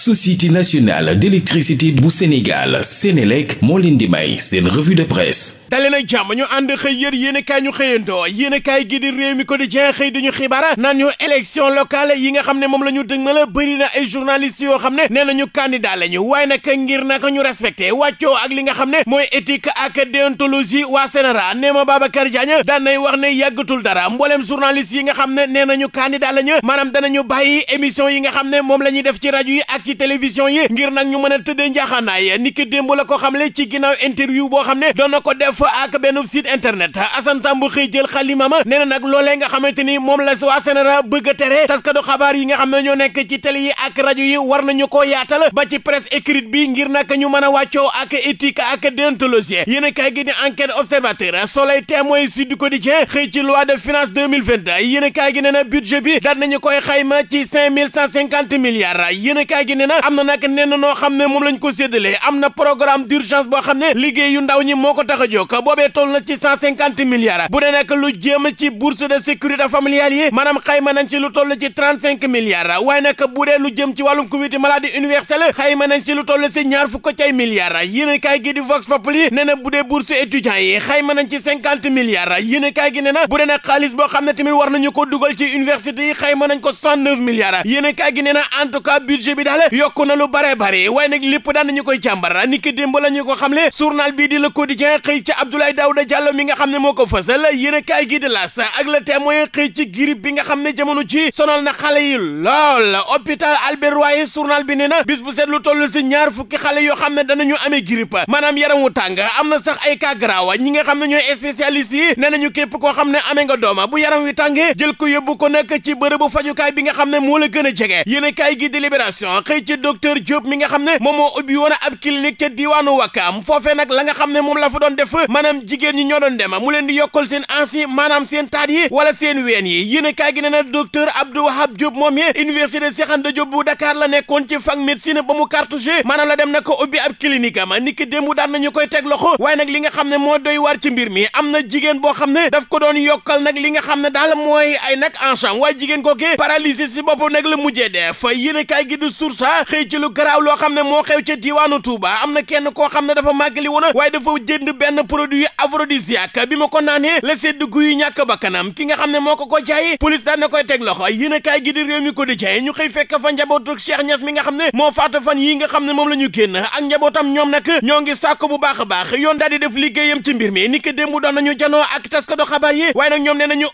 société nationale d'électricité bu Sénégal Sénélec moo leen di may seen revue de presse dalee nag jàmm ñu ànd xëy yër yéenekaay ñu xëyantoo yéenekaay gi di réew mi ko di jeex xëy di ñu xibaar naan ñu élection locale yi nga xam ne moom la ñu dëg ma la bëri na ay journalistes yoo xam ne nee nañu candidat la ñu waaye nag ngir naka ñu respecté wàccoo ak li nga xam ne mooy éthique ak déontologie waa Sénéra nee ma Babacar Diagne daan nay wax ne yàggatul dara mbooleem journalistes yi nga xam ne nee nañu candidat la ñu maanaam danañu bàyyi émission yi nga xam ne moom la ñuy def ci rajo yi ak ci télévision yi ngir nag ñu mën a tëddee njaaxaanaay ni ki démb la ko xamle ci ginnaaw interview boo xam ne doon na ko def ak benn site internet Assane Samb xëy jël xalimama nee na nag loolee nga xamante ni moom la waa sénéra bëgg a tere taskatu xabaar yi nga xam ne ñoo ci télé yi ak rajo yi war nañu koo yaatal ba ci presse écrite bi ngir nag ñu mën a wàccoo ak éthique ak déontologie yéen a kaay gi di enquête observateur soleil témoin sud quotidien xëy ci loi ci cinq ne nag am na nag nenn noo xam ne moom lañ ko séddalee am na programme d'urgence boo xam ne liggéey yu ndaw ñi moo ko tax a jóg boobee toll na ci cent cinquante milliards bu dee nag lu jéem ci bourse de sécurité familiale yi maanaam xayma nañ ci lu toll ci trente cinq milliards waaye nag bu dee lu jëm ci wàllum couverture maladie universelle xayma nañ ci lu toll ci ñaar fukk ci ay milliards yéen kaay gi di Vox Populi nee na bu dee bourse étudiants yi xayma nañ ci cinquante milliards yéen kaay gi nee na bu dee xam ne tamit war nañu ko dugal ci université yi xayma nañ ko cent neuf milliards yéen kaay gi nee en tout cas yokku na lu bare bare waaye nag lépp daan nañu koy càmbara ni ki démb la ñu ko ne journal bii di Le Quotidien xëy ci Abdoulaye Daouda Diallo mi nga xam ne moo ko fësal yéen kaay gi di L'As ak Le Témoin xëy ci grippe bi nga xam ne jamono ci sonol na xale yi lool hôpital Albert Royer journal bi nee na bis bu seet toll si ñaar fukki xale yoo xam ne danañu amee grippe maanaam yaram wu tàng am na sax ay cas grave ñi nga xam ne ñooy spécialistes yi nee nañu képp koo xam ne amee nga dooma bu yaram wi tàngee jël ko yóbbu ko nekk ci bërëbu fajukaay bi nga xam ne moo la gën a jege yéen kaay gi di Libération xëy ci docteur Diop mi nga xam ne moom moo ubbi woon ab clinique ca diwaanu Wakaam foofee nag la nga xam ne moom la fa doon def maanaam jigéen ñi ñoo doon dem mu leen di yokkal seen ansi maanaam seen taat yi wala seen ween yi yéen kaay gi ne na docteur Abdou Wahab Diop moom yi université Cheikh Anta Diop bu Dakar la nekkoon ci fac médecine ba mu cartouché maanaam la dem na ko ubbi ab clinique am ni ki démb daan nañu koy teg loxo waaye nag li nga xam ne moo doy war ci mbir mi am na jigéen boo xam ne daf ko doon yokkal nag li nga xam ne daal mooy ay nag encham waaye jigéen kookee paralysé si boppam nag la mujjee def yéen kaay gi du source mandat xëy ci lu garaaw loo xam ne moo xew ca diwaanu Touba am na kenn koo xam ne dafa màggali woon waaye dafa jënd benn produit aphrodisiaque bi ma ko naanee la yi guyu ñàkk bakkanam ki nga xam ne moo ko ko jaay police daan na koy teg loxo yéen a kaay gi ko di jaay ñu xëy fekk fa njabootu Cheikh Niass mi nga xam ne moo faatu fan yi nga xam ne moom la ñu génn ak njabootam ñoom nag ñoo ngi sàkku bu baax a baax yoon daal di def liggéeyam ci mbir mi ni ki démb doon nañu janoo ak taskatu xabaar yi waaye nag ñoom ne nañu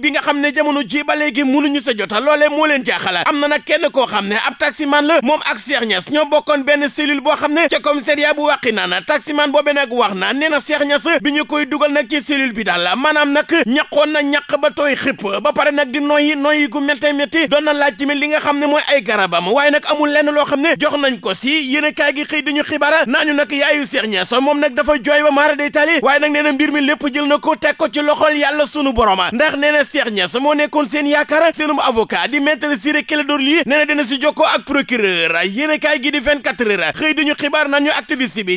bi nga xam ne jamono ji ba léegi mënuñu sa jota loolee moo leen jaaxala am na nag kenn koo xam ne ab taximan la moom ak Cheikh Niass ñoo bokkoon benn cellule boo xam ne ca commissariat bu wàqi naan taximan boobee nag wax na nee na Cheikh bi ñu koy dugal nag ci cellule bi daal maanaam nag ñaqoon na ñaq ba tooy xëpp ba pare nag di noyyi noyyi gu méttee métti doon na laaj tamit li nga xam ne mooy ay garabam waaye nag amul lenn loo xam ne jox nañ ko si yéen kaay gi xëy diñu xibaar naa ñu nag yaayu Cheikh Niass moom nag dafa jooy ba maara day taali waaye nag nee na mbir mi lépp jël na ko teg ko ci loxol yàlla sunu boroma ndax nee na Cheikh moo nekkoon seen yaakaar seenum avocat na dina si jokkoo heures yéenekaay gi di 24 heures xëy dañu xibaar naan ñu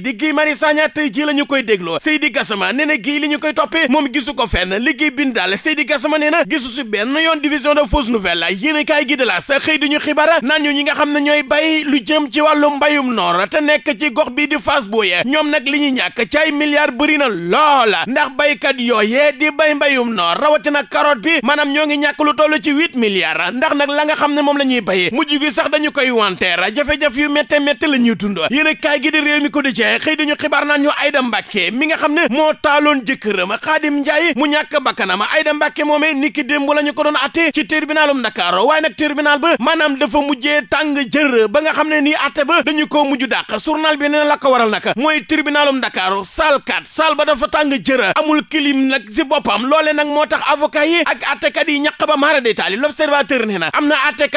di Guy Marius Sagna tey ji koy dégloo Seydi Gassama nee na Guy li ñu koy toppee moom gisu ko fenn liggéey bind daal Seydi Gassama nee na gisu si benn yoon division de fausse nouvelle yéenekaay gi de la sa xëy dañu xibaar naan ñi nga xam ne ñooy bay lu jëm ci wàllu mbayum noor te nekk ci gox bi di Fass Boye ñoom nag li ñuy ñàkk ci ay milliards bëri na loola ndax baykat yooyee di bay mbayum noor rawatina carotte bi maanaam ñoo ngi ñàkk lu toll ci huit milliards ndax nag la nga xam ne moom la ñuy béyee mujj gi sax alimentaire jafe-jafe yu métte métte la ñuy tund yéen a kaay gi di réew mi ko di cee xëy dañu xibaar naan ñu mi nga xam ne moo taaloon jëkkëram Xaadim Njaay mu ñàkk bakkanam Ayda Mbàkke moomee ni ki démb la ñu ko doon atte ci tribunalum Dakar waaye nag tribunal ba maanaam dafa mujjee tàng jër ba nga xam ne nii ba dañu koo mujj dàq journal bi nee na la na waral nag mooy tribunalum Dakar salle 4 salle ba dafa tàng jër amul clim nag si boppam loole nag moo tax avocat yi ak attekat yi ñàkk ba maara détaali l'observateur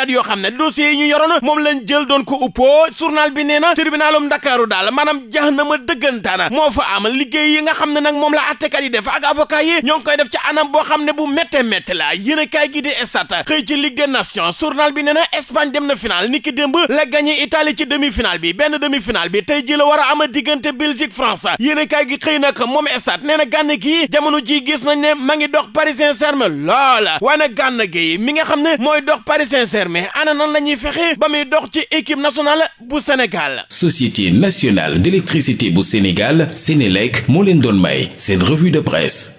yoo xam ne dossier yi ñu jël doon ko uppoo journal bi nee na tribunalum Ndakaaru daal maanaam jax na ma dëggantaana moo fa am liggéey yi nga xam ne nag moom la attekat yi def a avocat yi ñoo ngi koy def ci anam boo xam ne bu métte métte la yéen a kaay gi di Stades xëy ci Ligue des Nations journal bi nee na Espagne dem na final niki démb la gagné Italie ci demi-finale bi benn demi-finale bi tey ji la war a am diggante Belgique France yéen a kaay gi xëy nag moom Stades nee na gànn gi jamono ji gis nañ ne ma ngi dox Paris Saint-Germain loola waaye nag gànn mi nga xam ne mooy dox Paris Saint-Germain ana nan la ñuy fexe ba muy dox ci équipe bu Sénégal. Société nationale d'électricité bu Sénégal Sénélec moo leen doon may seen revue de presse.